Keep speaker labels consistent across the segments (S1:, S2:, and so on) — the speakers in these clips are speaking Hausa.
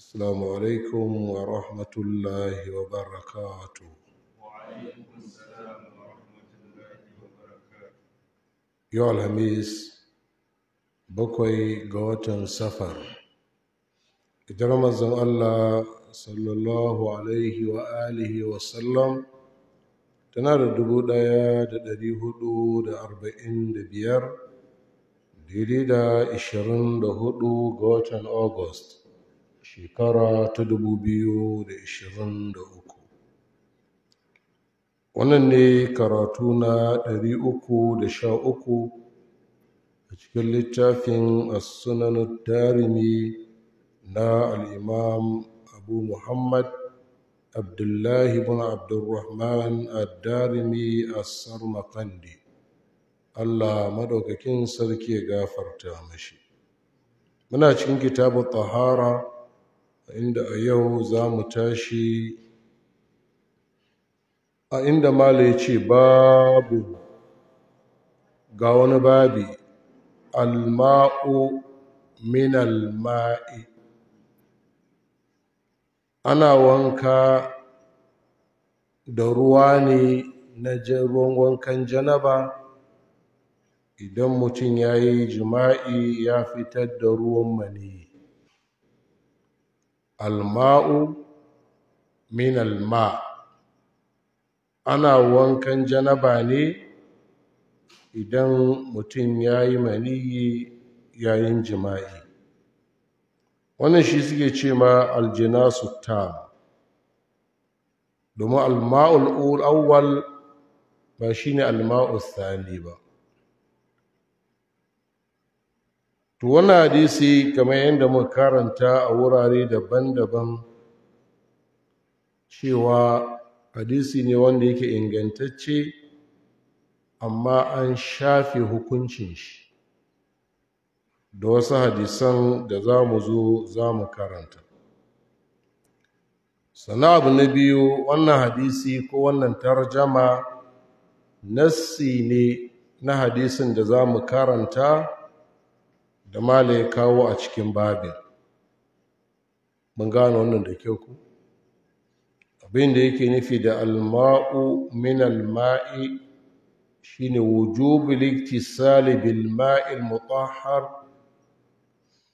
S1: Assalamu alaikum wa rahmatullahi wa barakatu. Yau alhamis bakwai ga watan safar. Idan mazan Allah sallallahu alaihi wa alihi wa sallam tana da dubu ɗaya da dari hudu da arba'in da biyar. Dari da ishirin da hudu ga watan August shekara ta dubu biyu da uku, wannan ne karatu na ɗari uku da sha uku a cikin littafin sunan darimi na al’imam abu muhammad abdullahi bin abdurrahman ad-darimi as-sarmaqandi allah madaukakin sarki gafarta mashi muna cikin kitabu tahara inda a yau za mu tashi a inda mala ya ce babu ga wani babi alma'u min alma'i ana wanka da ruwa ne na ruwan wankan janaba idan mutum ya yi jima'i ya fitar da ruwan maniyi alma'u min alma ana wankan janaba ne idan mutum ya yi maniyi yayin jima'i wannan shi suke ce ma aljina ta domin alma'ul ba shi ne Sani ba to wannan hadisi kamar yadda mu karanta a wurare daban-daban cewa hadisi ne wanda yake ingantacce amma an shafe hukuncin shi da wasu hadisan da za mu zo za mu karanta sana abu na biyu wannan hadisi ko wannan tarjama nassi ne na hadisin da za mu karanta da mala ya kawo a cikin babin mun gano wannan da kyau ku abin da yake nufi da alma'u min alma'i shine wujubul iktisali bil al mutahhar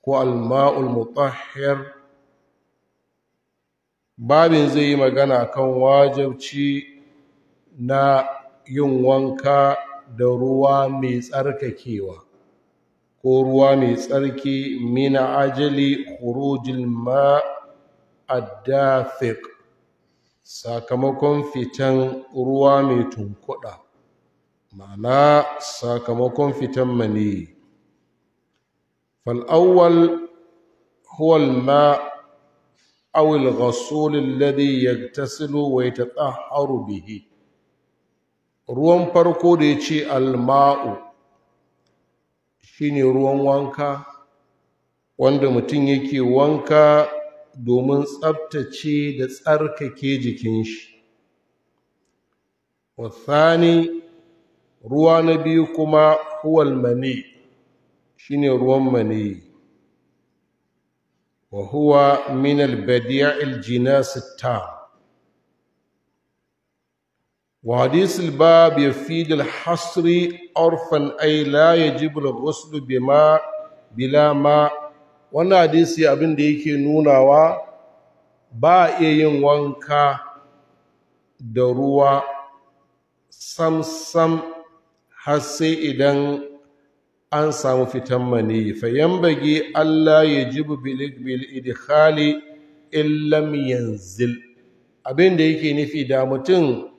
S1: ko alma'ul mutahhar babin zai yi magana kan wajabci na yin wanka da ruwa mai tsarkakewa ko ruwa mai tsarki mina ajali khurujil ma addafiq sakamakon fitan ruwa mai tunkuɗa ma'ana sakamakon fitan mani fal'awwal huwal ma awil ghasulin ladi ya tasilu wai ta tsaharu bihi ruwan farko da ya ce alma'u shine ruwan wanka wanda mutum yake wanka domin tsabtace da tsarkake jikin shi wasani ruwa na biyu kuma huwal mani shine ruwan mani wa huwa min al badi'il jinas وحديث الباب يفيد الحصر عرفا أي لا يجب الغسل بما بلا ما wannan hadisi abin da yake nunawa ba iya yin wanka da ruwa sam-sam har sai idan an samu fitan mani. fayan bage Allah ya jibu bil idkhali illam yanzil abin da yake nufi da mutum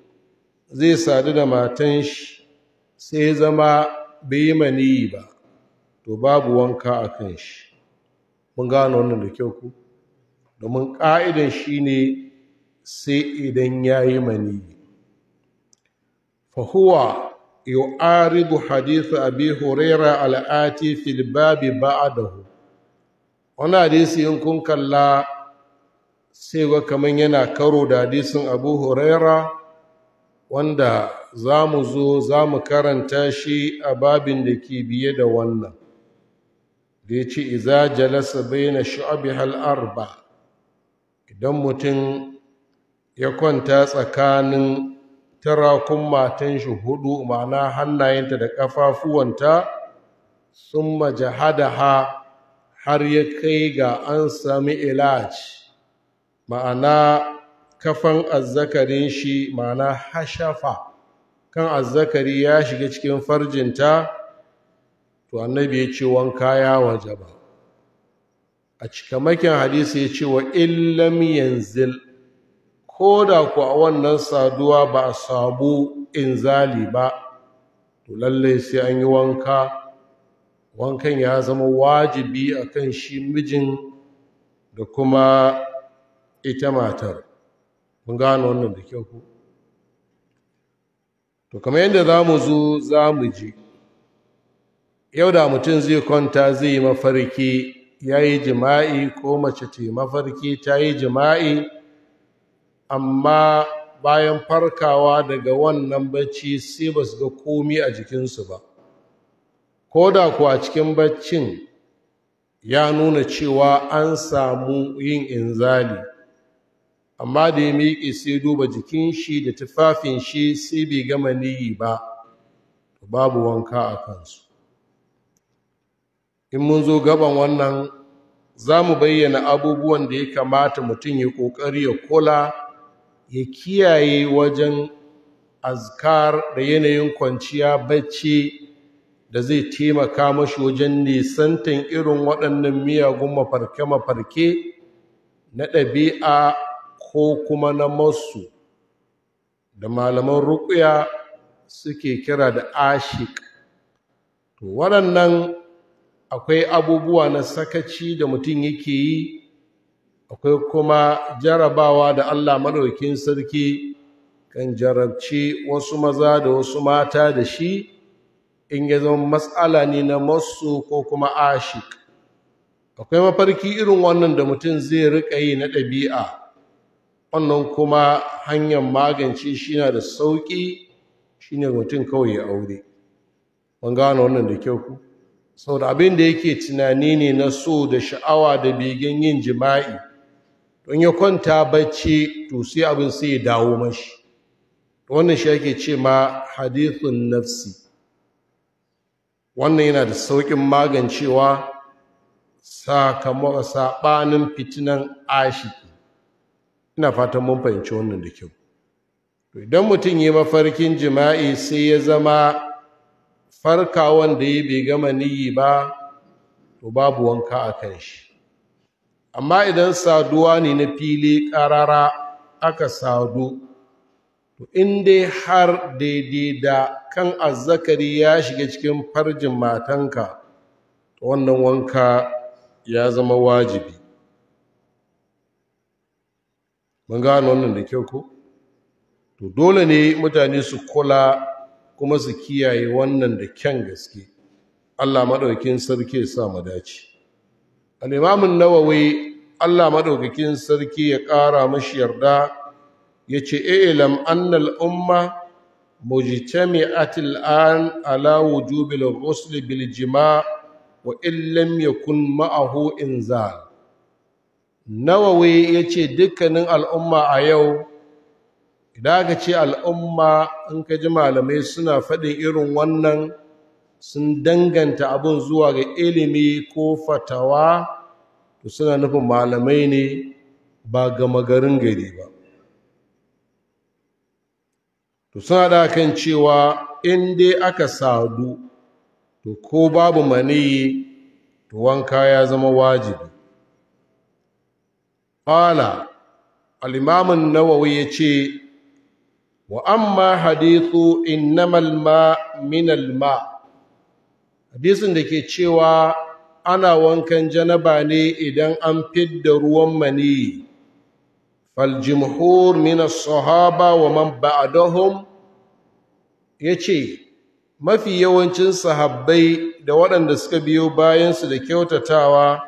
S1: zai sadu da matan shi sai zama bai maniyi ba to babu wanka a kan shi mun gano wannan da kyau ku domin ƙa'idan shi ne sai idan ya yi maniyi fahuwa yu'aridu hadithu abi horera al'ati ba a dahu wani hadisi in kun kalla sai wa kamar yana karo da hadisin abu horera wanda za mu zo za mu karanta shi a babin da ke biye da wannan da ya ce iza jalasa bayyana hal'ar hal'arba idan mutum ya kwanta tsakanin tarakun matan shi hudu ma'ana hannayenta da ƙafafuwanta sun ha har ya kai ga an sami ilaj ma'ana kafan azzakarin shi ma'ana hashafa kan azzakari ya shiga cikin farjinta to annabi ya ce wanka ya wajaba a cikamakin hadisi ya ce wa illam yanzil ko da ku a wannan saduwa ba a sabu inzali ba to lallai sai an yi wanka wankan ya zama wajibi akan shi mijin da kuma ita matar mun gano wannan da kyau ko to kamar yadda za mu zo za mu ji yau da mutum zai kwanta zai yi mafarki ya yi jima'i ko mace yi mafarki ta yi jima'i amma bayan farkawa daga wannan bacci sai ba su ga komi a jikinsu ba ko da kuwa cikin baccin ya nuna cewa an samu yin inzali amma da ya miƙe sai duba jikin shi da tufafin shi sai bai gama niyi ba babu wanka a kansu in mun zo gaban wannan za mu bayyana abubuwan da ya kamata mutum ya ƙoƙari ya kula ya kiyaye wajen azkar da yanayin kwanciya bacci da zai taimaka mashi wajen nisantan irin waɗannan miyagun mafarke-mafarke na ɗabi'a ko kuma na masu da malaman rukuya suke kira da ashik to waɗannan akwai abubuwa na sakaci da mutum yake yi akwai kuma jarabawa da Allah maɗaukin sarki kan jarabci wasu maza da wasu mata da shi in ya zama matsala ne na masu ko kuma ashik akwai mafarki irin wannan da mutum zai riƙa yi na ɗabi'a wannan kuma hanyar magance shi na da sauƙi shi ne mutum kawai ya aure ban gano wannan da kyau ku sau da abin da yake tunani ne na so da sha'awa da begen yin jima'i don ya kwanta bacci to sai abin sai ya dawo mashi wannan shi ake ce ma hadithun nafsi wannan yana da sauƙin magancewa sakamakon saɓanin fitinan ashiki ina fatan mun fahimci wannan da kyau idan mutum yi mafarkin jima'i sai ya zama farkawan da ya bai gama niyi ba to babu wanka a kan shi amma idan saduwa ne na fili ƙarara aka sadu to in dai har daidai da kan azzakari ya shiga cikin farjin matanka to wannan wanka ya zama wajibi mun gano wannan da kyau ko to dole ne mutane su kula kuma su kiyaye wannan da kyan gaske Allah madaukakin sarki ya sa mu dace al-Imam an-Nawawi Allah maɗaukakin sarki ya ƙara mashi yarda yace ilam annal umma mujtami'atil an ala wujubil ghusl bil jima' wa in lam yakun ma'ahu inzal nawawi ya ce dukkanin al'umma a yau idan aka ce al'umma in ka ji malamai suna faɗin irin wannan sun danganta abin zuwa ga ilimi ko fatawa to suna nufin malamai ne ba gama garin gari ba to suna da kan cewa in dai aka sadu to ko babu maniyi to wanka ya zama wajibi qala al-imam an-nawawi yace wa amma hadithu innamal ma min hadisin da ke cewa ana wankan janaba ne idan an fidda ruwan mani fal jumhur min as-sahaba wa man ba'dahum yace mafi yawancin sahabbai da waɗanda suka biyo bayansu da kyautatawa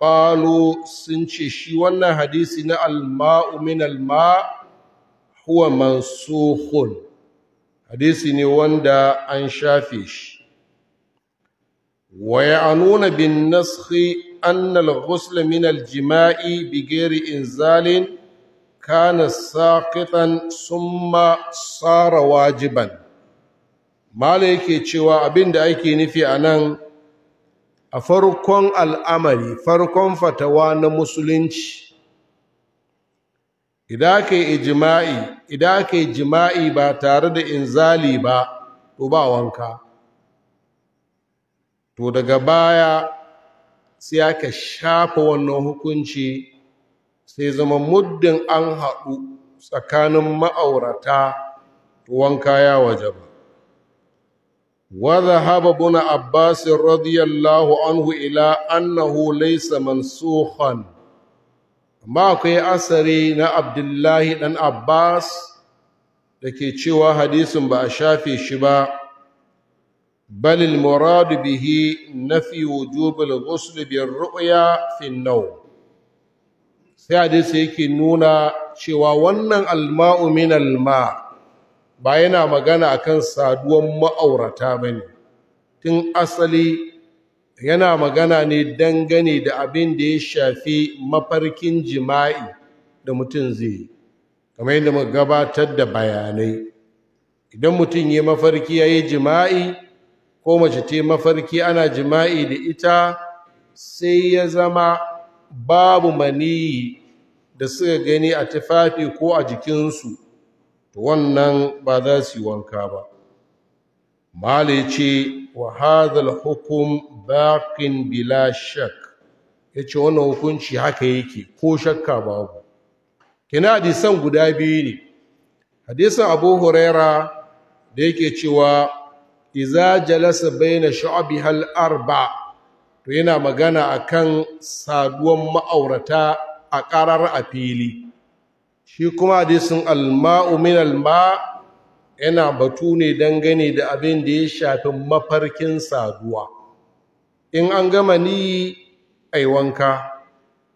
S1: ƙalo sun ce shi wannan hadisi na alma'u min alma huwa hadisi ne wanda an shafe shi wa ya'anuna bin naskhi annal al-ghusl min jimai bi ghairi inzalin kana saqitan summa sara wajiban mala yake cewa abinda ake nufi anan a farkon al'amari farkon fatawa na musulunci idan ka ijima'i idan ka yi jima'i ba tare da inzali ba to ba wanka to daga baya sai aka shafa wannan hukunci sai zama muddin an haɗu tsakanin ma'aurata wanka ya waje ba وذهب ابن عباس رضي الله عنه الى انه ليس منسوخا ما كي اسري نا عبد الله بن عباس dake cewa hadisin ba a shafe shi ba balil muradu bihi nafi wujubul ghusl bi ar-ru'ya fi an sai hadisi yake nuna cewa wannan alma'u min ba yana magana a kan saduwan ma'aurata ba ne tun asali yana magana ne dangane da abin da ya shafi mafarkin jima'i da mutum zai yi kamar yadda muka gabatar da bayanai idan mutum ya mafarki ya yi jima'i ko mace ta mafarki ana jima'i da ita sai ya zama babu maniyi da suka gani a tufafi ko a jikinsu to wannan ba za su yi wanka ba mali ce wa hadal hukum baqin bila shak yace wannan hukunci haka yake ko shakka babu kina hadisan guda biyu ne hadisan Abu Huraira da yake cewa iza jalasa baina shu'abi hal arba to yana magana akan saduwan ma'aurata a ƙarar a fili shi kuma hadisin alma'u min alma yana batu ne dangane da abin da ya shafi mafarkin saduwa in an ga a ai wanka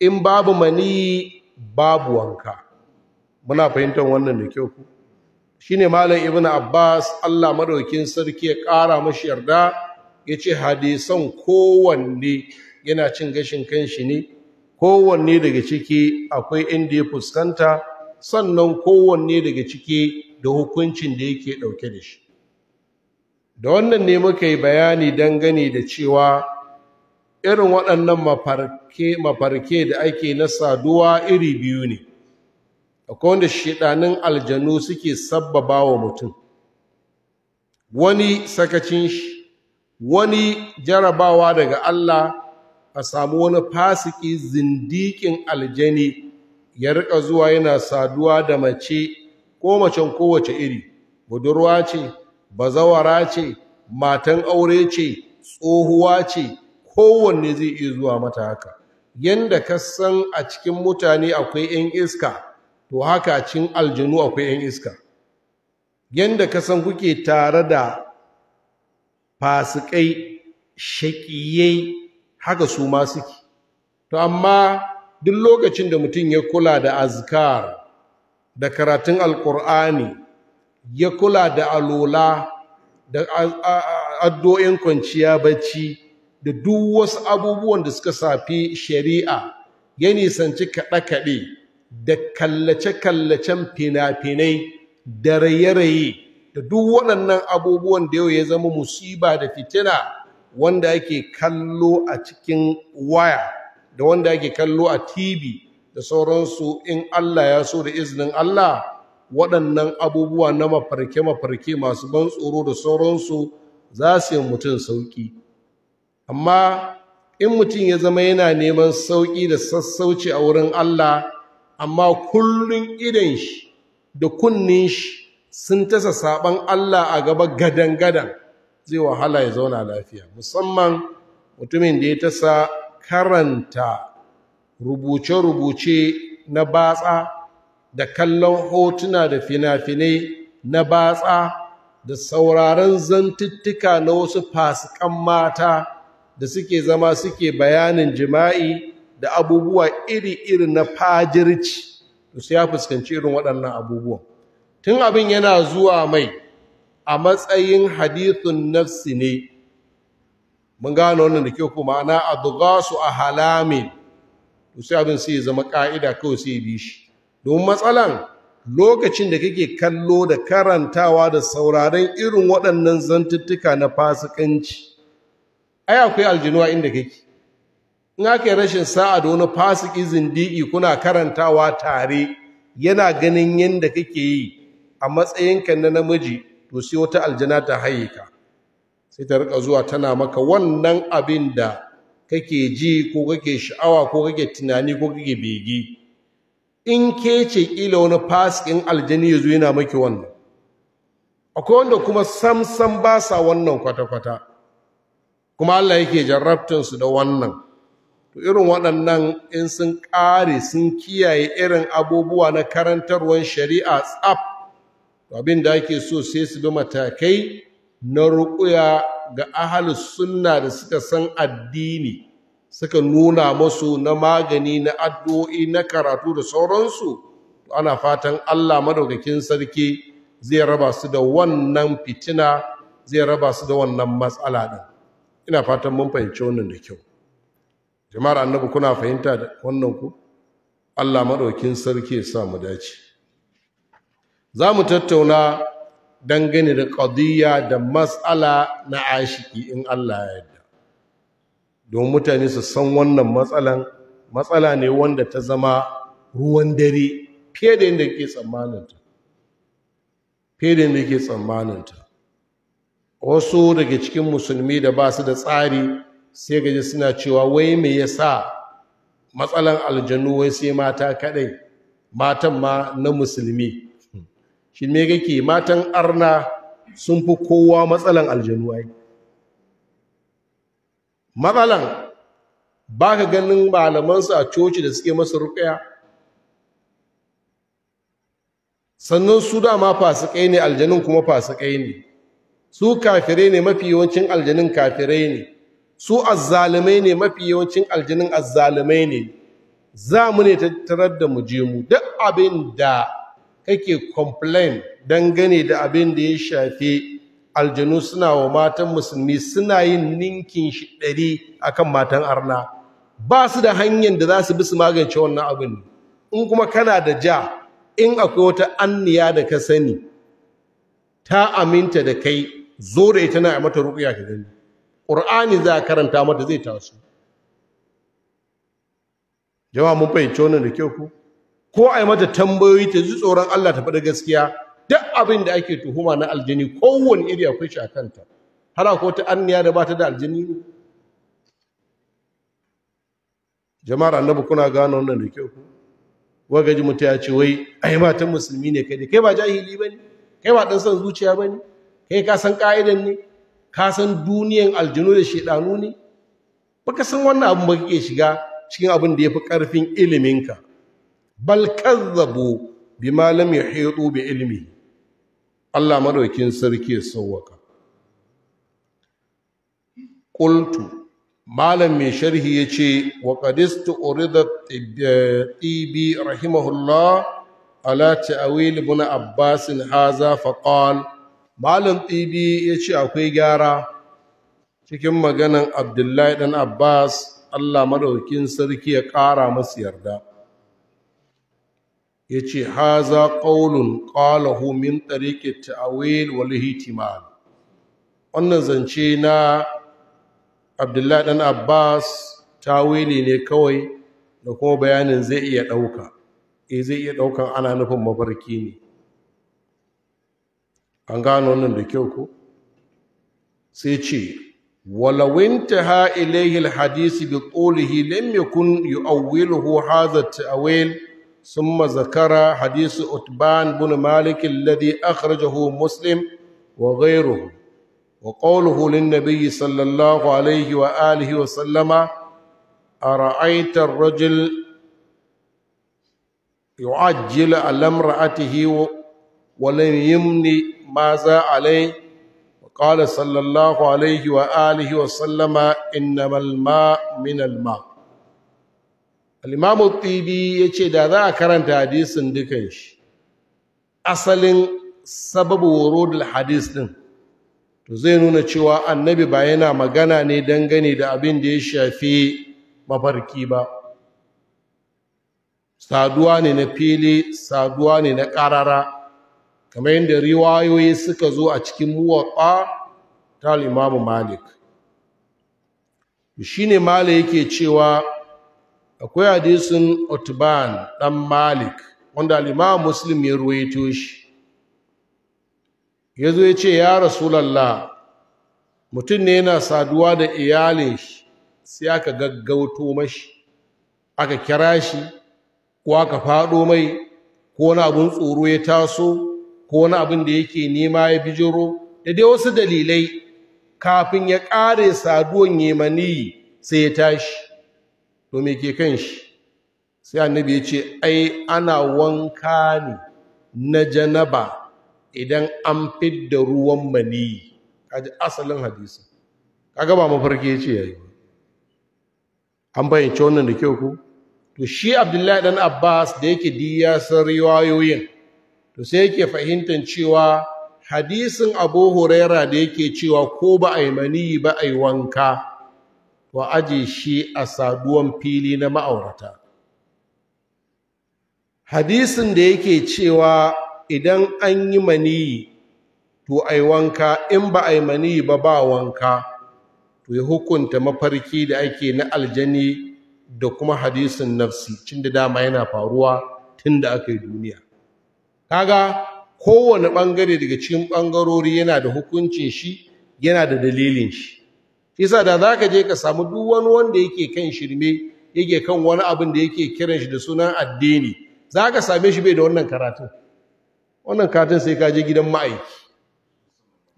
S1: in babu mani babu wanka muna fahimtar wannan da kyau ku shine malam ibn abbas Allah madaukin sarki ya ƙara mashi yarda yace hadisan kowanne yana cin gashin kanshi ne kowanne daga ciki akwai inda ya fuskanta sannan kowanne daga ciki da hukuncin da yake ɗauke da shi da wannan ne muka yi bayani gani da cewa irin waɗannan mafarke da ake na saduwa iri biyu ne akwai wanda shiɗanin aljanu suke sabbaba wa mutum wani sakacin shi wani jarabawa daga Allah a samu wani fasiki zindikin aljani ya rika zuwa yana saduwa da mace ko macen kowace iri budurwa ce bazawara ce matan aure ce tsohuwa ce kowanne zai iya zuwa mata haka yanda ka san a cikin mutane akwai 'yan iska to haka cin aljanu akwai 'yan iska yanda ka san kuke tare da fasikai shakiyai haka su ma suke to amma duk lokacin da mutum ya kula da azkar da karatun alkur'ani ya kula da alola da addo'in kwanciya bacci da duk wasu abubuwan da suka safi shari'a ya nisanci kaɗe-kaɗe da kallace-kallacen fina-finai da raye-raye da duk waɗannan abubuwan da yau ya zama musiba da fitina wanda ake kallo a cikin waya da wanda ake kallo a TV da sauransu in Allah ya so da izinin Allah waɗannan abubuwa na mafarke-mafarke masu ban tsoro da sauransu za su yi mutum sauƙi amma in mutum ya zama yana neman sauƙi da sassauci a wurin Allah amma kullum idan shi da kunnin shi sun tasa saɓan Allah a gaba gadan-gadan zai wahala ya zauna lafiya musamman mutumin da ya tasa karanta rubuce-rubuce na batsa da kallon hotuna da fina-finai na batsa da sauraron zantuttuka na wasu fasikan mata da suke zama suke bayanin jima'i da abubuwa iri-iri na fajirci da su ya fuskanci irin waɗannan abubuwa, tun abin yana zuwa mai a matsayin hadithun nafsi ne mun gano wannan da kyau kuma ana adghasu a halamin to sai abin sai ya zama ka'ida kawai sai ya bi shi domin matsalan lokacin da kake kallo da karantawa da sauraron irin waɗannan zantuttuka na fasikanci ai akwai aljinuwa inda kake in aka yi rashin sa'a da wani fasiki zindigi kuna karantawa tare yana ganin yadda kake yi a matsayinka na namiji to sai wata aljana ta haye ka sai ta rika zuwa tana maka wannan abin da kake ji ko kake sha'awa ko kake tunani ko kake bege in ke ce kila wani fasikin aljani ya zo yana maki wannan akwai wanda kuma samsam ba sa wannan kwata-kwata kuma Allah yake jarrabtinsu da wannan to irin waɗannan in sun ƙare sun kiyaye irin abubuwa na karantarwar shari'a tsaf abin da ake so sai su bi matakai na ruƙuya ga ahalus sunna da suka san addini suka nuna masu na magani na addu'o'i na karatu da sauransu ana fatan Allah madaukakin sarki zai raba su da wannan fitina zai raba su da wannan matsala ɗin ina fatan mun fahimci wannan da kyau jama'ar annabi kuna fahimta da wannan ku Allah madaukakin sarki ya sa mu dace za mu tattauna dangane da ƙadiyya da matsala na ashiki in Allah ya yarda don mutane su san wannan matsalan matsala ne wanda ta zama ruwan dare fiye da yadda ke tsammaninta fiye da yadda ke tsammaninta wasu daga cikin musulmi da ba su da tsari sai gaji suna cewa wai me yasa matsalan aljanu wai sai mata kadai matan ma na musulmi shi me kake matan arna sun fi kowa matsalan aljanu ai matsalan ba ka ganin malamansu a coci da suke masa rukaya sannan su dama fasikai ne aljanun kuma fasikai ne su kafirai ne mafi yawancin aljanun kafirai ne su azzalumai ne mafi yawancin aljanun azzalumai ne za mu ne tattarar da mu je mu duk abin da kake complain dangane da abin da ya shafi aljanu suna wa matan musulmi suna yin ninkin shi ɗari kan matan arna ba su da hanyar da za su bi su magance wannan abin in kuma kana da ja in akwai wata anniya da ka sani ta aminta da kai zo da ita na mata ruƙiya ka gani ƙur'ani za a karanta mata zai taso jama'a mun fahimci wannan da kyau ku ko a yi mata tambayoyi ta ji tsoron Allah ta faɗi gaskiya duk abin da ake tuhuma na aljini kowane iri akwai shi a kanta har ko ta anniya da ba ta da aljini ne jama'ar annabi kuna gano wannan da kyau wagaji mutu ya ce wai ai matan musulmi ne kai kai ba jahili ba ne kai ba ɗan san zuciya ba ne kai ka san ƙa'idan ne ka san duniyan aljinu da shaidanu ne baka san wannan abin ba kake shiga cikin abin da ya fi ƙarfin iliminka bal kazzabu bima lam yahitu bi ilmi Allah madaukin sarki ya sauwaka qultu malam mai sharhi yace wa qadistu urida tibi rahimahullah ala ta'wil ibn abbas haza fa qala malam tibbi yace akwai gyara cikin maganan abdullahi dan abbas Allah madaukin sarki ya ƙara masu yarda ya ce haza ƙaunin ƙalahu min ɗariƙe ta'awil wa lihitimal wannan zance na abdullahi ɗan abbas tawili ne kawai da kuma bayanin zai iya ɗauka e zai iya ɗaukan ana nufin mafarki ne an gano wannan da kyau ko sai ce hadisi انتهى ƙolihi الحديث yi لم يكن يؤوله هذا التأويل ثم ذكر حديث أتبان بن مالك الذي أخرجه مسلم وغيره وقوله للنبي صلى الله عليه وآله وسلم أرأيت الرجل يعجل على امرأته ولم يمني ماذا عليه وقال صلى الله عليه وآله وسلم إنما الماء من الماء al tibi ya ce da za a karanta hadisin dukan shi asalin sababu wurudul hadis din to zai nuna cewa annabi ba yana magana ne dangane da abin da ya shafi mafarki ba saduwa ne na fili saduwa ne na ƙarara kamar yadda riwayoyi suka zo a cikin muwaɓa ta Limamu malik shi ne mala yake cewa akwai hadisin otuban dan malik wanda al muslim ya ruwaito shi zo ya ce ya lalla, mutum ne yana saduwa da iyalin shi sai aka gaggauto mashi aka kira shi ko aka fado mai ko wani abin tsoro ya taso ko wani abin da yake nema ya bijiro da dai wasu dalilai kafin ya kare saduwan yemani sai ya tashi to me ke kan shi sai annabi ya ce ai ana wanka ne na janaba idan an fidda ruwan mani kaji asalin hadisi kaga ba mafarki ya ce yayi an bayyance wannan da kyau ku to shi abdullahi dan abbas da yake diya san riwayoyin to sai yake fahimtar cewa hadisin abu huraira da yake cewa ko ba a yi mani ba a yi wanka wa aje shi a saduwan fili na ma'aurata hadisin da yake cewa idan an yi maniyi to ai wanka in ba ai maniyi ba ba wanka to ya hukunta mafarki da ake na aljani da kuma hadisin nafsi cin da dama yana faruwa tun da aka yi duniya kaga kowane ɓangare daga cikin ɓangarori yana da hukuncin shi yana da dalilin shi yasa da zaka je ka samu duk wani wanda yake kan shirme yake kan wani abin da yake kiran shi da sunan addini zaka same shi bai da wannan karatun wannan katin sai ka je gidan ma'aiki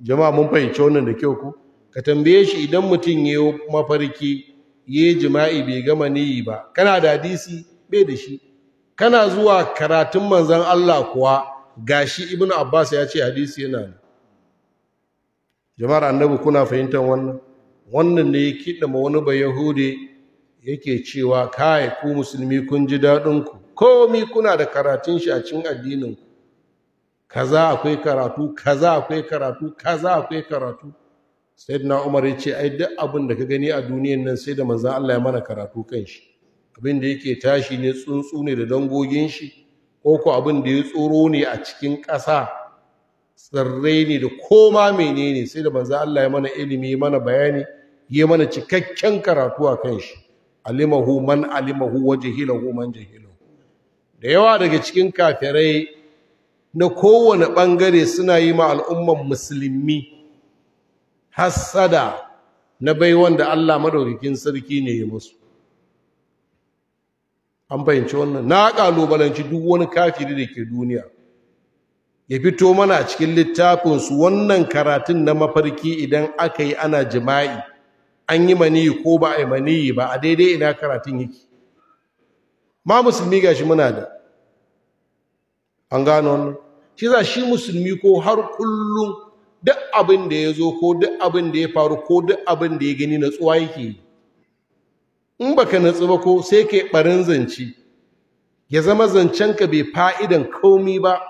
S1: jama'a mun fahimci wannan da kyau ku ka tambaye shi idan mutum ya mafarki ya jima'i bai gama niyi ba kana da hadisi bai da shi kana zuwa karatun manzon Allah kuwa gashi ibnu abbas ya ce hadisi yana jama'ar annabi kuna fahimtar wannan wannan ne ya kiɗa ma wani ba yahudi yake cewa kai ku musulmi kun ji daɗin daɗinku komi kuna da karatun shi a cikin addininku kaza akwai karatu kaza akwai karatu kaza akwai karatu na umar ya ce ai duk abin da ka gani a duniyan nan sai da manzon Allah ya mana karatu kan shi abin da yake tashi ne tsuntsu ne da dangogin shi ko ko abin da ya tsoro ne a cikin ƙasa tsirrai ne da koma menene sai da manzon Allah ya mana ilimi mana bayani yi mana cikakken karatu a kan shi alimahu man alimahu wa jahilahu man jahilahu da yawa daga cikin kafirai na kowane ɓangare suna yi ma al'umman musulmi hassada na bai wanda Allah madaukakin sarki ne ya musu an fahimci wannan na ƙalubalanci duk wani kafiri da ke duniya ya fito mana a cikin littafinsu wannan karatun na mafarki idan aka yi ana jima'i an yi maniyi ko ba a yi maniyi ba a daidai ina karatun yake ma musulmi ga shi muna da an gano wannan shi za shi musulmi ko har kullum duk abin da ya zo ko duk abin da ya faru ko duk abin da ya gani natsuwa yake yi in ka natsu ba ko sai ka yi barin zance ya zama zancen ka bai fa'idan komi ba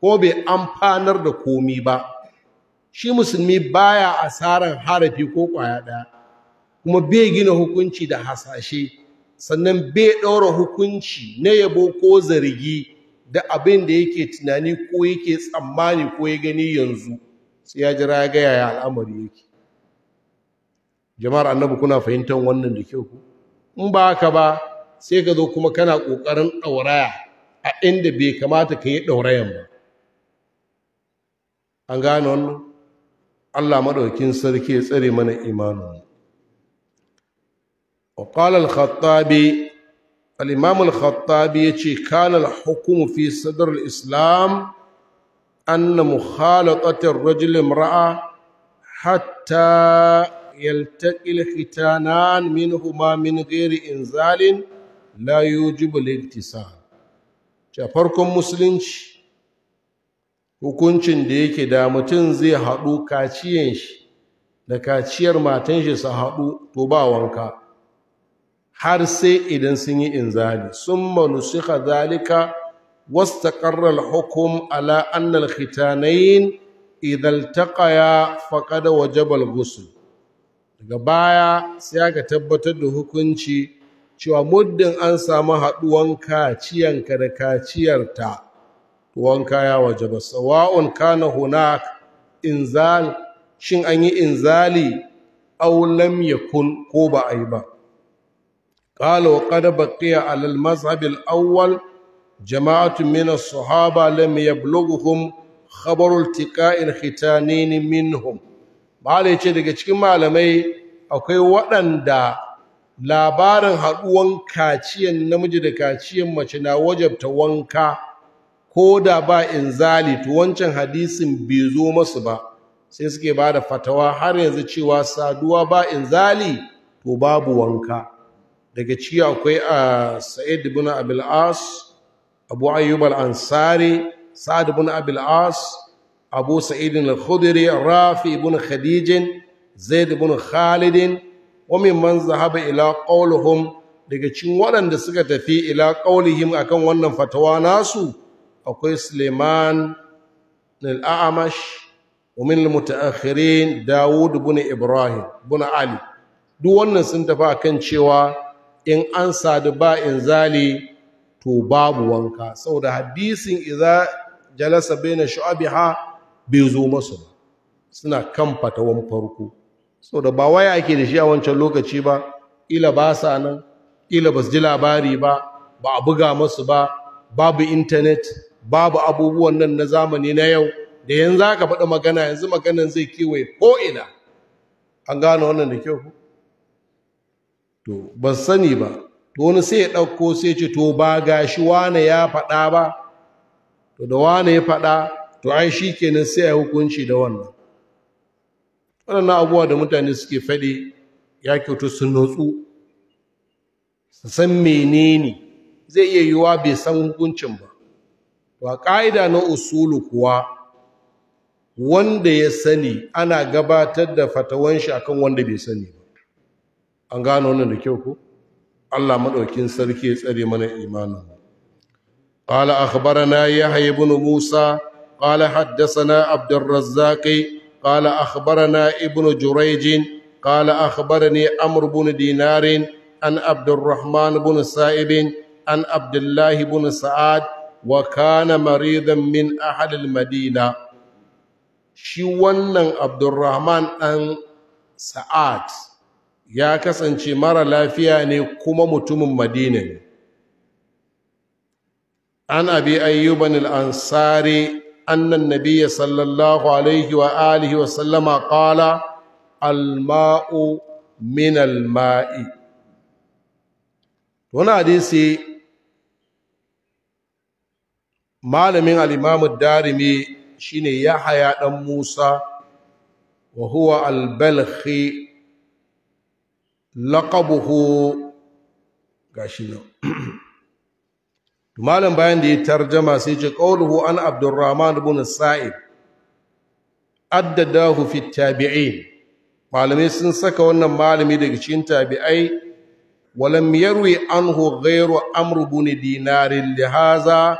S1: ko bai amfanar da komi ba shi musulmi baya asaran harafi ko kwaya ɗaya kuma bai gina hukunci da hasashe sannan bai ɗaura hukunci na yabo ko zargi da abin da yake tunani ko yake tsammani ko ya gani yanzu sai ya jira ya gaya ya al'amari yake jama'ar annabi kuna fahimtar wannan da kyau ku in ba haka ba sai ka zo kuma kana ƙoƙarin ɗauraya a inda bai kamata ka yi ɗaurayan ba an gane wannan allah maɗaukin sarki ya tsare mana imaninmu wa al-khattabi al-imam al-khattabi yace kana al-hukmu islam anna mukhalatat ar-rajul hatta yaltaqi al-khitanan minhuma min ghairi inzalin la yujibu al-iktisal musulunci hukuncin da yake da mutum zai haɗu kaciyan shi da kaciyar matan shi su haɗu to ba wanka har sai idan sun yi inzali sun suka zalika wasta ƙarar hukum ala annal khitanayin idan taƙaya faƙada wajabal gusul daga baya sai aka tabbatar da hukunci cewa muddin an samu haɗuwan kaciyanka da kaciyarta wanka ya wajaba sawa'un kana hunak inzal shin an yi inzali aw lam yakun ko ba a yi ba قال وقد بقي على المذهب الأول جماعة من الصحابة لم Hum, خبر التقاء الختانين منهم bala ya ce daga cikin malamai akwai waɗanda labarin haɗuwan kaciyan namiji da kaciyan mace na wajabta wanka ko da ba inzali to wancan hadisin bai zo masu ba sai suke bada fatawa har yanzu cewa saduwa ba inzali to babu wanka daga ci akwai a sa'id ibn abil as abu ayyub al ansari sa'ad ibn abil as abu sa'id al khudri rafi ibn khadij zaid ibn khalid wa mimman zahaba ila qawluhum daga cikin waɗanda suka tafi ila qawlihim akan wannan fatawa nasu akwai suleiman al-a'amash ومن المتأخرين داود بن Ibrahim بن Ali. duk wannan sun tafi akan cewa in an sadu ba in zali to babu wanka saboda hadisin idza jalasa baina shu'abiha bai zo masu ba suna kan fatawan farko saboda ba waya ake da shi a wancan lokaci ba ila ba sa nan ila ba su ji labari ba ba a buga masu ba babu intanet babu abubuwan nan na zamani na yau da yanzu aka faɗi magana yanzu maganan zai kewaye ko'ina an gane wannan da kyau to ba sani ba to wani sai ya ɗauko sai ce to ba gashi wane ya faɗa ba to da wane ya faɗa to ai shi kenan sai ya hukunci da wannan waɗannan abubuwa da mutane suke faɗi ya kyautu sun nutsu su san menene zai iya yiwuwa bai san hukuncin ba to a ƙa'ida na usulu kuwa wanda ya sani ana gabatar da fatawan shi akan wanda bai sani ba. an gano wannan da kyau ko Allah madaukin sarki ya tsare mana imanin قال أخبرنا يحيى بن موسى قال حدثنا عبد الرزاق قال أخبرنا ابن جريج قال أخبرني عمرو بن دينار عن عبد الرحمن بن سائب عن عبد الله بن سعد وكان مريضا من أهل المدينة شي wannan Abdurrahman ɗan Sa'ad ya kasance mara lafiya ne kuma mutumin madina ne an abi ayyuban al'ansari annan nabiya sallallahu alaihi wa alihi wa sallama ƙala alma'u min alma'i wani adisi, malamin al'imamu darimi shine yahaya ɗan musa wa huwa albalhi laqabuhu gashi bayan da ya tarjama sai ce qauluhu an abdurrahman ibn sa'ib addadahu fi tabi'in malamai sun saka wannan malami daga cikin tabi'ai walam an anhu ghayru amr ibn dinar lihaza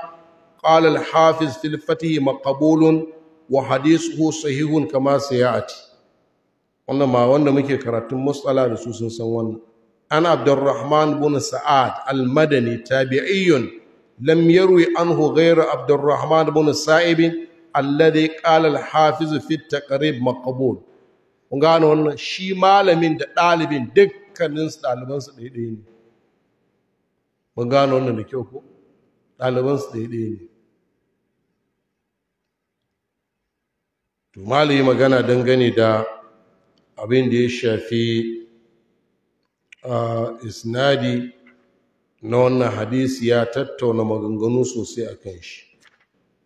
S1: qala hafiz fil fatih maqbulun wa sahihun kamar sayati wannan ma wanda muke karatun matsala da su sun san wannan an abdurrahman bin sa'ad al-madani tabi'iyyun lam yarwi anhu ghayr abdurrahman bin sa'ib alladhi qala al-hafiz fi at-taqrib maqbul kun gano wannan shi malamin da dalibin dukkanin su daliban su daidai ne mun gano wannan da kyau ko daliban su daidai ne to malami magana dangane da abin da ya shafi isnadi na wannan hadisi ya tattauna maganganu sosai a kan shi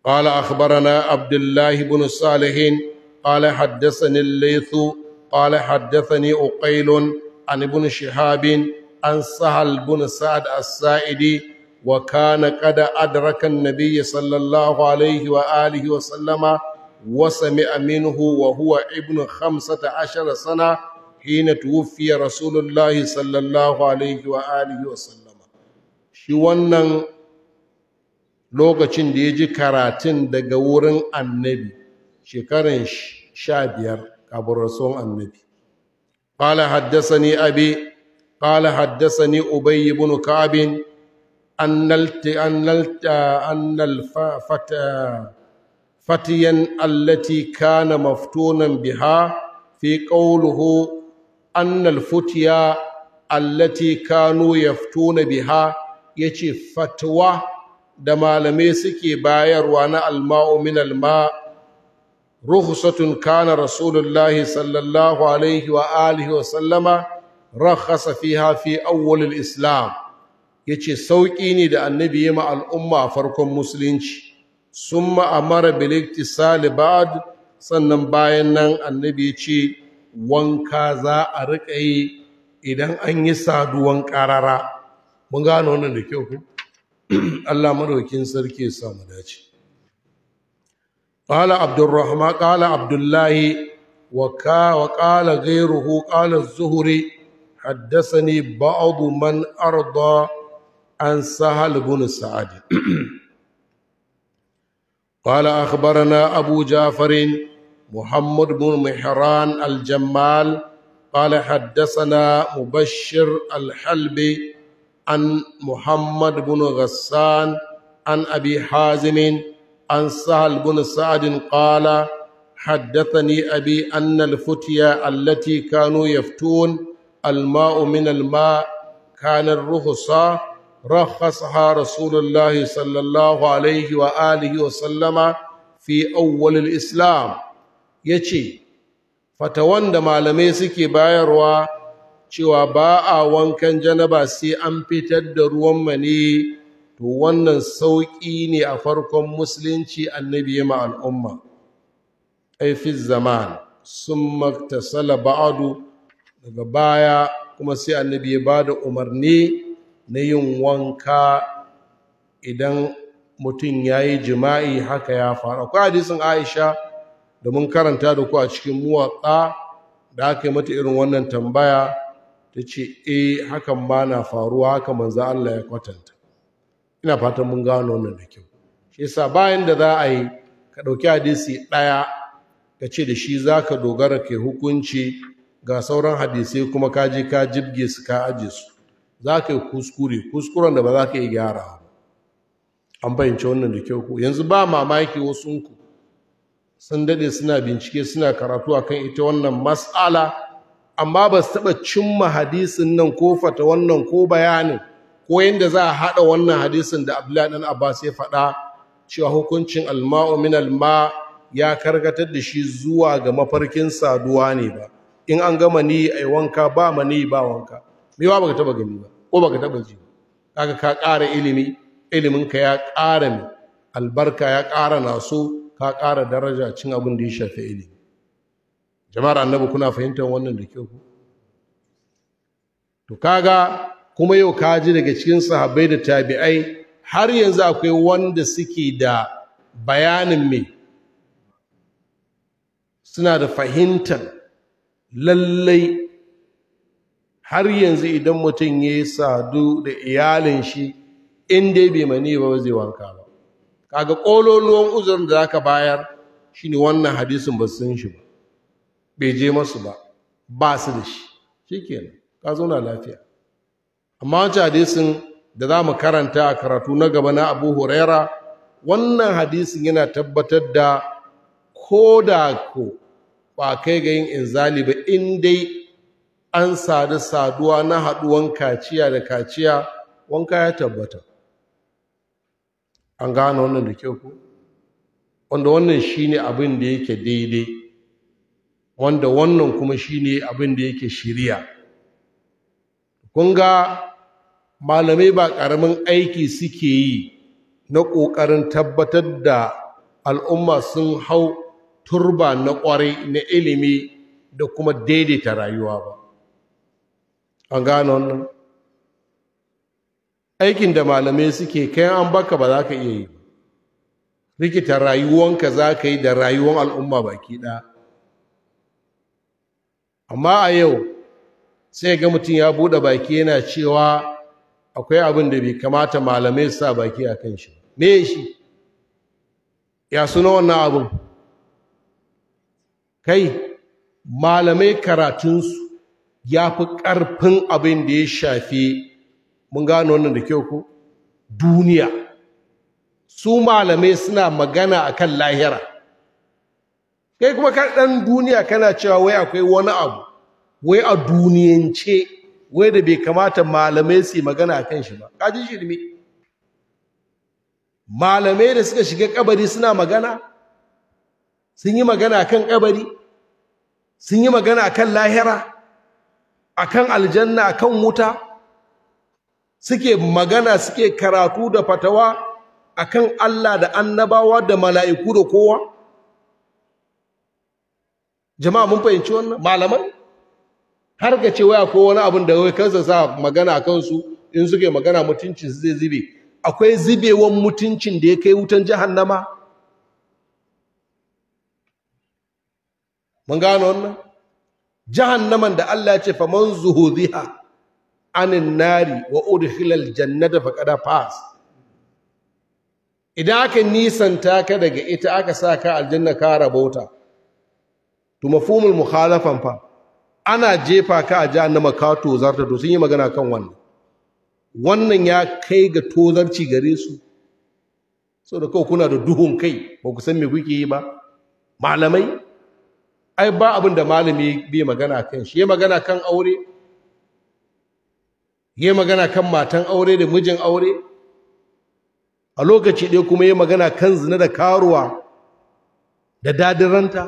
S1: ƙala akhbarana abdullahi bin salihin ƙala haddasa ni laithu ƙala haddasa ni uqailun an ibn shihabin an sahal bin sa'ad as-sa'idi wa kana qada adraka sallallahu alayhi wa wa sallama وسمع منه وهو ابن خمسة عشر سنة حين توفي رسول الله صلى الله عليه وآله وسلم shi wannan lokacin da ya ji karatun daga wurin annabi shekaran sha biyar kabin rasuwan annabi ƙala haddasa ni abi ƙala haddasa ni ubayi an فتيا التي كان مفتونا بها في قوله أن الفتيا التي كانوا يفتون بها يجي فتوى da malamai suke bayarwa na alma'u min alma rukhsatun kana rasulullahi sallallahu alaihi wa alihi wa sallama rakhasa fiha fi awwal islam yace sauƙi ne da annabi ya ma al'umma farkon musulunci sun ma'amara bilikti salibad sannan bayan nan annabi ce wanka za a riƙa yi idan an yi saduwan ƙarara mun gano wannan da kyau ku allah madaukin sarki ya samu dace abdurrahman qala الرحمن wa ka wa qala ghayruhu qala az-zuhri haddathani ba'd man arda an sahal bin Sa'ad. قال أخبرنا أبو جعفر محمد بن محران الجمال قال حدثنا مبشر الحلبي عن محمد بن غسان عن أبي حازم عن سهل بن سعد قال حدثني أبي أن الفتية التي كانوا يفتون الماء من الماء كان الرخصة رخصها رسول الله صلى الله عليه وآله fatawan da malamai suke bayarwa cewa ba a wankan janaba sai an fitar da ruwan mani to wannan sauƙi ne a farkon musulunci annabi ya al'umma aifin zaman sun maktasala ba'adu daga baya kuma sai annabi ya ba da umarni na yin wanka idan mutum ya yi jima'i haka ya faru akwai hadisin aisha da mun karanta da ku a cikin muwatsa da aka yi mata irin wannan tambaya ta ce e hakan ba na faruwa haka manza Allah ya kwatanta ina fatan mun gano wannan da kyau shi yasa bayan da za a yi ka ɗauki hadisi ɗaya ka ce da shi za ka dogara ke hukunci ga sauran hadisai kuma ka je ka jibge su ka aje su za ka yi kuskure kuskuren da ba za ka yi gyara an fahimci wannan da kyau ku. yanzu ba mamaki wasunku sun daɗe suna bincike suna karatu akan ita wannan matsala. amma ba su taɓa cimma hadisin nan ko fata wannan ko bayanin ko yadda za a haɗa wannan hadisin da abdullahi ɗan abbas ya faɗa cewa hukuncin alma'u min alma ya karkatar da shi zuwa ga mafarkin saduwa ne ba in an gama ni yi wanka ba ma ni ba wanka ba baka taba gani ba ko baka taba ji ba kaga ka ƙara ilimi ilimin ka ya ƙara mai albarka ya ƙara naso ka ƙara daraja cin abin da ya shafi ilimi jama'ar annabi kuna fahimtar wannan da kyau to kaga kuma yau ka ji daga cikin sahabai da tabi'ai har yanzu akwai wanda suke da bayanin mai suna da fahimtar lallai har yanzu idan mutum ya sadu da iyalin shi in dai bai mani ba zai wanka ba kaga kololuwan uzurin da zaka bayar shine wannan hadisin ba sun shi ba bai je masu ba ba su da shi shikenan ka zauna lafiya amma wancan hadisin da za mu karanta a karatu na gaba na abu huraira wannan hadisin yana tabbatar da ko da ko ba kai ga yin inzali ba in dai an sadu saduwa na haɗuwan kaciya da kaciya wanka ya tabbata an gane wannan da kyau ku wanda wannan shine abin da yake daidai wanda wannan kuma shine abin da yake shirya kun ga malamai ba ƙaramin aiki suke yi na ƙoƙarin tabbatar da al'umma sun hau turba na ƙwarai na ilimi da kuma daidaita rayuwa ba an gano wannan aikin da malamai suke kai an baka ba za ka iya yi rikita rayuwanka za ka yi da rayuwan al'umma baki ɗaya amma a yau sai ga mutum ya buɗe baki yana cewa akwai abin da bai kamata malamai sa baki a kan shi me shi ya suna wannan abin kai malamai karatunsu ya fi ƙarfin abin da ya shafi mun gano wannan da kyau ku duniya su malamai suna magana a kan lahira kai kuma kan ɗan duniya kana cewa wai akwai wani abu wai a duniyance wai da bai kamata malamai su yi magana a kan shi ba ƙajin shirme malamai da suka shiga ƙabari suna magana sun yi magana a kan ƙabari? sun yi magana a kan lahira akan aljanna akan wuta suke magana suke karatu da fatawa akan Allah da annabawa da mala'iku da kowa jama'a mun fahimci wannan malaman har ga cewa kowa wani abin da wai kansa sa magana akan su in suke magana mutuncin su zai zibe. akwai zubewan mutuncin da ya kai wutan jahannama mun gano wannan jahannaman da Allah ya ce man zuhudiha anin nari wa udkhila aljannata faqad fas idan aka nisanta ka daga ita aka sa ka aljanna ka rabota to mafhumul mukhalafan fa ana jefa ka a jahannama ka tozarta to sun yi magana kan wannan wannan ya kai ga tozarci gare su saboda kawai kuna da duhun kai ba ku san me kuke yi ba malamai ai ba abin da malami bai magana kan shi ya magana kan aure ya magana kan matan aure da mijin aure a lokaci ɗaya kuma ya magana kan zina da karuwa da dadin ranta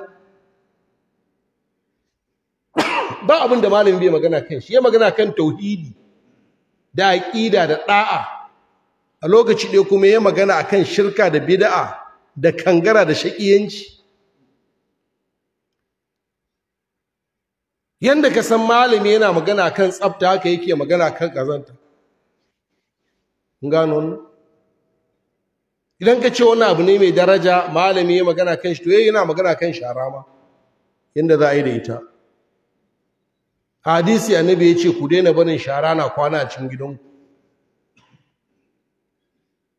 S1: ba abin da malami bai magana kan shi ya magana kan tauhidi da aƙida da ɗa'a a lokaci ɗaya kuma ya magana akan shirka da bida'a da kangara da shaƙiyanci yanda ka san malami yana magana kan tsafta haka yake magana kan ƙazanta gano wannan idan ka ce wani abu ne mai daraja malami ya magana kan shi to eh, yana magana kan shara ma yanda za a yi da ita hadisi annabi ya ce ku daina barin shara na kwana a cikin gidanku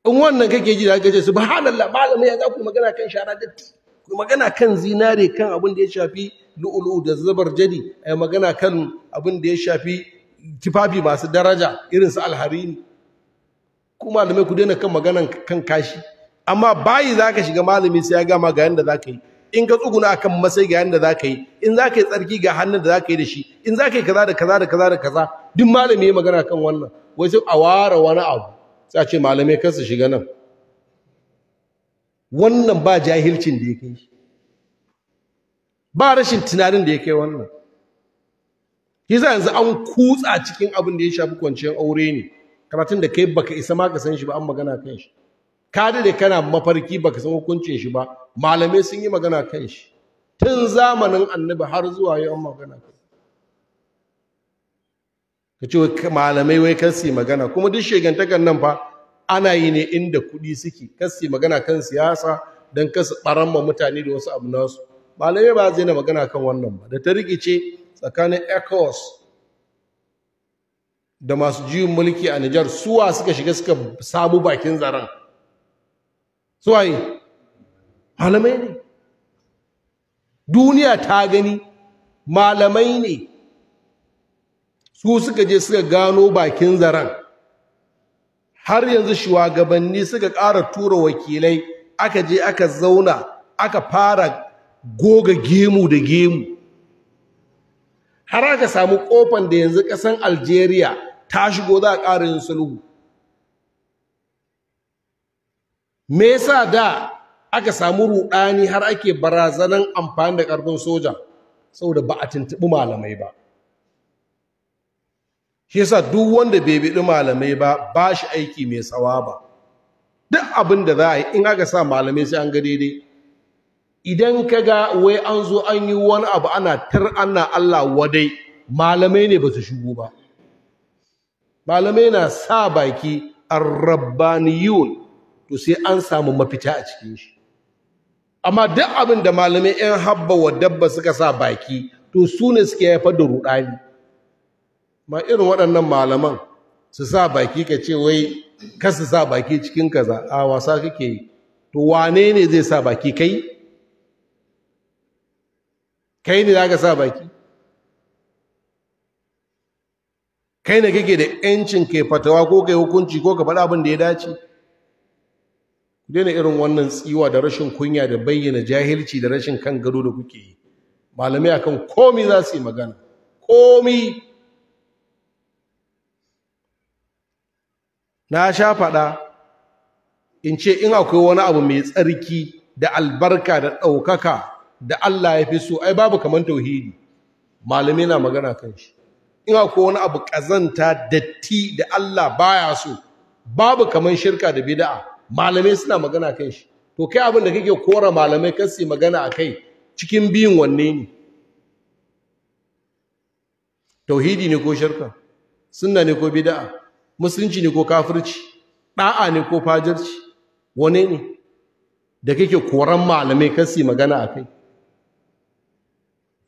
S1: in wannan kake ji da kace subhanallah malami ya za ku magana kan shara datti ku magana kan zinare kan abin da ya shafi lu'ulu da zubar jadi a magana kan abin da ya shafi tufafi masu daraja irin su alharini ku malamai ku daina kan maganan kan kashi amma bayi za ka shiga malami sai ya gama ga yadda za ka yi in ka tsuguna a kan masai ga yadda za ka yi in za ka yi tsarki ga hannun da za ka yi da shi in za ka yi kaza da kaza da kaza da kaza duk malami ya magana kan wannan wai sai a ware wani abu sai ce malamai su shiga nan wannan ba jahilcin da ya kai ba rashin tunanin da ya kai wannan za yanzu an kutsa cikin abin da ya shafi kwanciyar aure ne karatun da kai baka isa ma ka san shi ba an magana kan shi ka dade kana mafarki baka san hukuncin shi ba malamai sun yi magana kan shi tun zamanin annabi har zuwa yau an magana kan ka ce malamai wai kan su magana kuma duk shegantakan nan fa ana yi ne inda kuɗi suke kan su magana kan siyasa don kasu ɓaran ma mutane da wasu abu nasu malamai ba zai na magana kan wannan ba da ta rikice tsakanin ecos da masu jiyun mulki a nijar suwa suka shiga suka samu bakin zaren suwaye malamai ne duniya ta gani malamai ne su suka je suka gano bakin zaren har yanzu shugabanni suka ƙara tura wakilai aka je aka zauna aka fara goga gemu da gemu har aka samu kofan da yanzu kasan algeria ta shigo za a ƙara sulhu me yasa da aka samu ruɗani har ake barazanan amfani da ƙarfin soja saboda ba a tuntuɓi malamai ba shi yasa duk wanda bai biɗi malamai ba ba shi aiki mai tsawa ba duk abin da za a yi in aka sa malamai sai an ga daidai idan ka ga wai an zo an yi wani abu ana tar ana Allah wadai malamai ne ba su shigo ba malamai na sa baki arrabbaniyun to sai an samu mafita a cikin shi amma duk abin da malamai yan habba wa dabba suka sa baki to su ne suke haifar da rudani ma irin waɗannan malaman su sa baki ka ce wai ka su sa baki cikin kaza a wasa kake yi to wane ne zai sa baki kai kai ne za ka sa baki kai ne kake da yancin kai fatawa ko kai hukunci ko ka faɗa abin da ya dace daina irin wannan tsiwa da rashin kunya da bayyana jahilci da rashin kan gado da kuke yi malamai akan komi za su yi magana komi na sha faɗa in ce in akwai wani abu mai tsarki da albarka da ɗaukaka da Allah ya fi so ai babu kamar tauhidi malami na magana kan shi Ina ko wani abu kazanta datti da Allah baya so babu kaman shirka da bida'a. Malami suna magana kan shi to kai abin da kake kora malamai kasi magana magana kai, cikin biyun wanne ne tauhidi ne ko shirka suna ne ko bida'a? musulunci ne ko kafirci Ɗa'a ne ko fajirci wane ne da kake koran malamai kasi magana magana kai?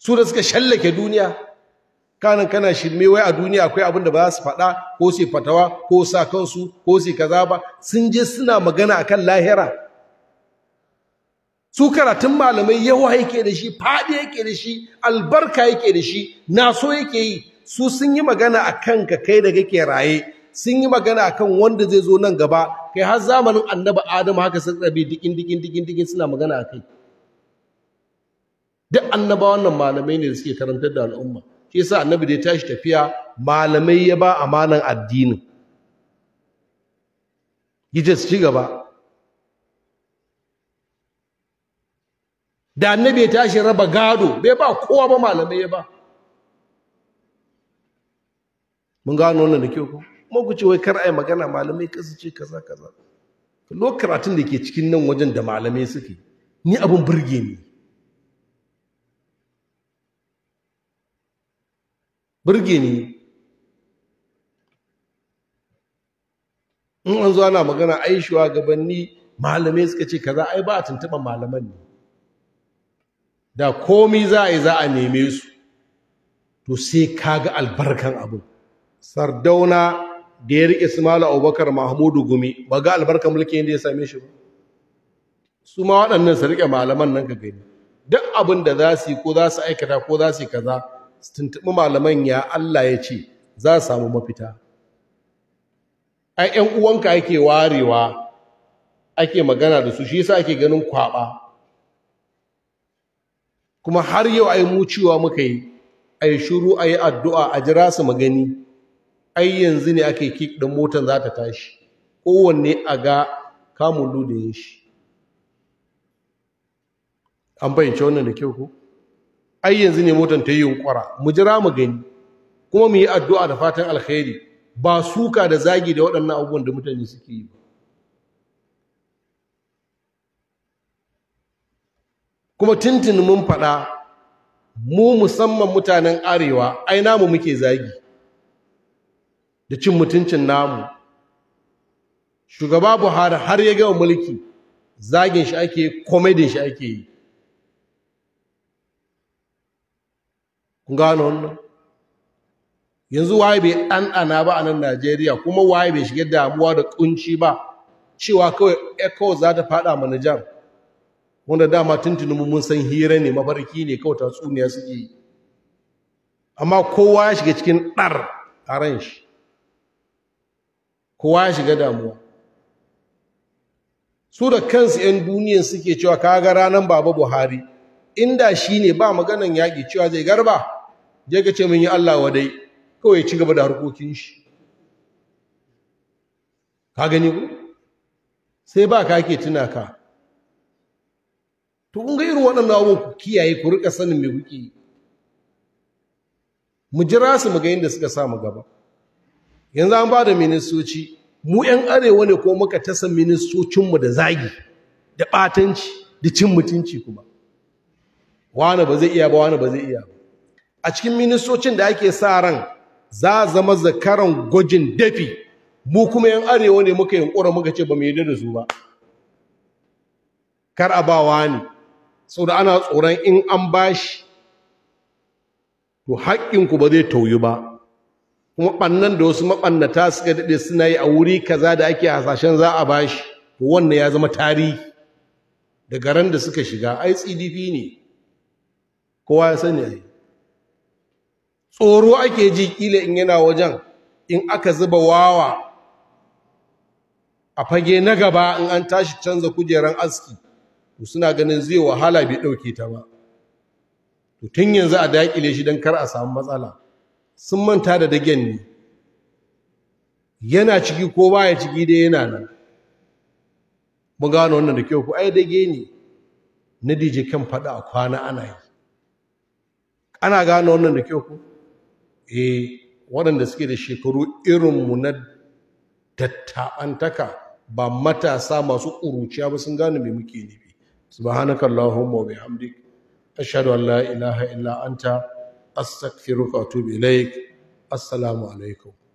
S1: su da suka shallake duniya kanan kana shirme wai a duniya akwai abin da ba za su faɗa ko su fatawa ko sa kansu ko su kaza ba sun je suna magana akan lahira su karatun malamai yawa yake da shi faɗi yake da shi albarka yake da shi naso yake yi su sun yi magana akan ka kai da kake raye sun yi magana akan wanda zai zo nan gaba kai har zamanin annabi adamu haka sun rabe dikin dikin dikin dikin suna magana akai duk annaba wannan malamai ne da suke karantar da al'umma shi yasa annabi da ya tashi tafiya malamai ya ba amanan addinin gije su ci gaba da annabi ya tashi raba gado bai ba kowa ba malamai ya ba mun gano wannan da kyau ko Mun ku ce wai kar ai magana malamai kasu ce kaza kaza lokacin da ke cikin nan wajen da malamai suke ni abun burge ni burge ni in an zo ana magana ai gabanni malamai suka ce kaza ai ba a tuntuɓa malaman ne da komi za a yi za a neme su to sai ga albarkan abu. sardauna da ya riƙe Ismailu Abubakar Mahmudu Gumi ba ga albarkar mulki inda ya same shi ba su ma waɗannan su riƙe malaman nan ka gani duk abin da za su yi ko za su aikata ko za su yi kaza tuntuɓi malaman ya Allah ya ce za su samu mafita ai 'yan uwanka ake warewa ake magana da su shi yasa ake ganin kwaɓa kuma har yau a mu cewa muka yi shuru, shiru yi addu'a a jira su magani ai yanzu ne ake kick din motan za ta tashi kowanne a ga kamulu da shi an bayyance wannan da kyau ko ai yanzu ne motan ta yi yunkura mu jira mu gani kuma mu yi addu'a da fatan alkhairi ba suka da zagi da waɗannan abubuwan da mutane suke yi ba kuma tintin mun faɗa mu musamman mutanen arewa ai namu muke zagi da cin mutuncin namu shugaba buhari har ya gama mulki zagin shi ake komedin shi ake yi gano wannan yanzu waye bai ɗanɗana ba a nan najeriya kuma waye bai shiga damuwa da kunci ba cewa kawai ECHO za ta faɗa mana jan wanda dama tuntunin mun san hira ne mafarki ne kawai tatsuniya suke yi amma kowa ya shiga cikin ɗar a ran shi kowa ya shiga damuwa su da kansu 'yan duniyan suke cewa ga ranar baba buhari inda shi ne ba maganan yaƙi cewa zai garba je ka ce mun yi Allah wadai kawai ci gaba da harkokin shi ka gani ku sai ba ka ke tuna ka to kun ga irin waɗannan abubuwan ku kiyaye ku rika sanin me kuke mu jira su mu ga yadda suka sa mu gaba yanzu an ba da ministoci mu 'yan arewa ne ko muka tasa ministocinmu da zagi da ɓatanci da cin mutunci kuma wani ba zai iya ba wani ba zai iya ba a cikin ministocin da ake sa ran za zama zakaran gwajin dafi mu kuma yan arewa ne muka yankura muka ce ba mu yarda da su ba kar a bawa ne saboda ana tsoron in an bashi to haƙƙinku ba zai tauyi ba kuma ɓannan da wasu maɓannata suka daɗe suna yi a wuri kaza da ake hasashen za a bashi to wannan ya zama tarihi daga ran da suka shiga ai cdp ne kowa ya sani ai tsoro ake ji kila in yana wajen in aka zuba wawa a fage na gaba in an tashi canza kujeran aski to suna ganin zai wahala bai dauke ta ba to tun yanzu a daƙile shi dan kar a samu matsala sun manta da dagen ne yana ciki ko baya ciki dai yana nan mun gano wannan da kyau ku ai dage ne na dije kan fada a kwana ana yi ana gano wannan da kyau ku eh waɗanda suke da shekaru irinmu na dattaɓantaka ba matasa masu ƙuruciya ba sun gane mai muke nufi subhanaka allahumma wa bihamdik ashhadu an la ilaha illa anta astaghfiruka wa atubu ilaik assalamu alaikum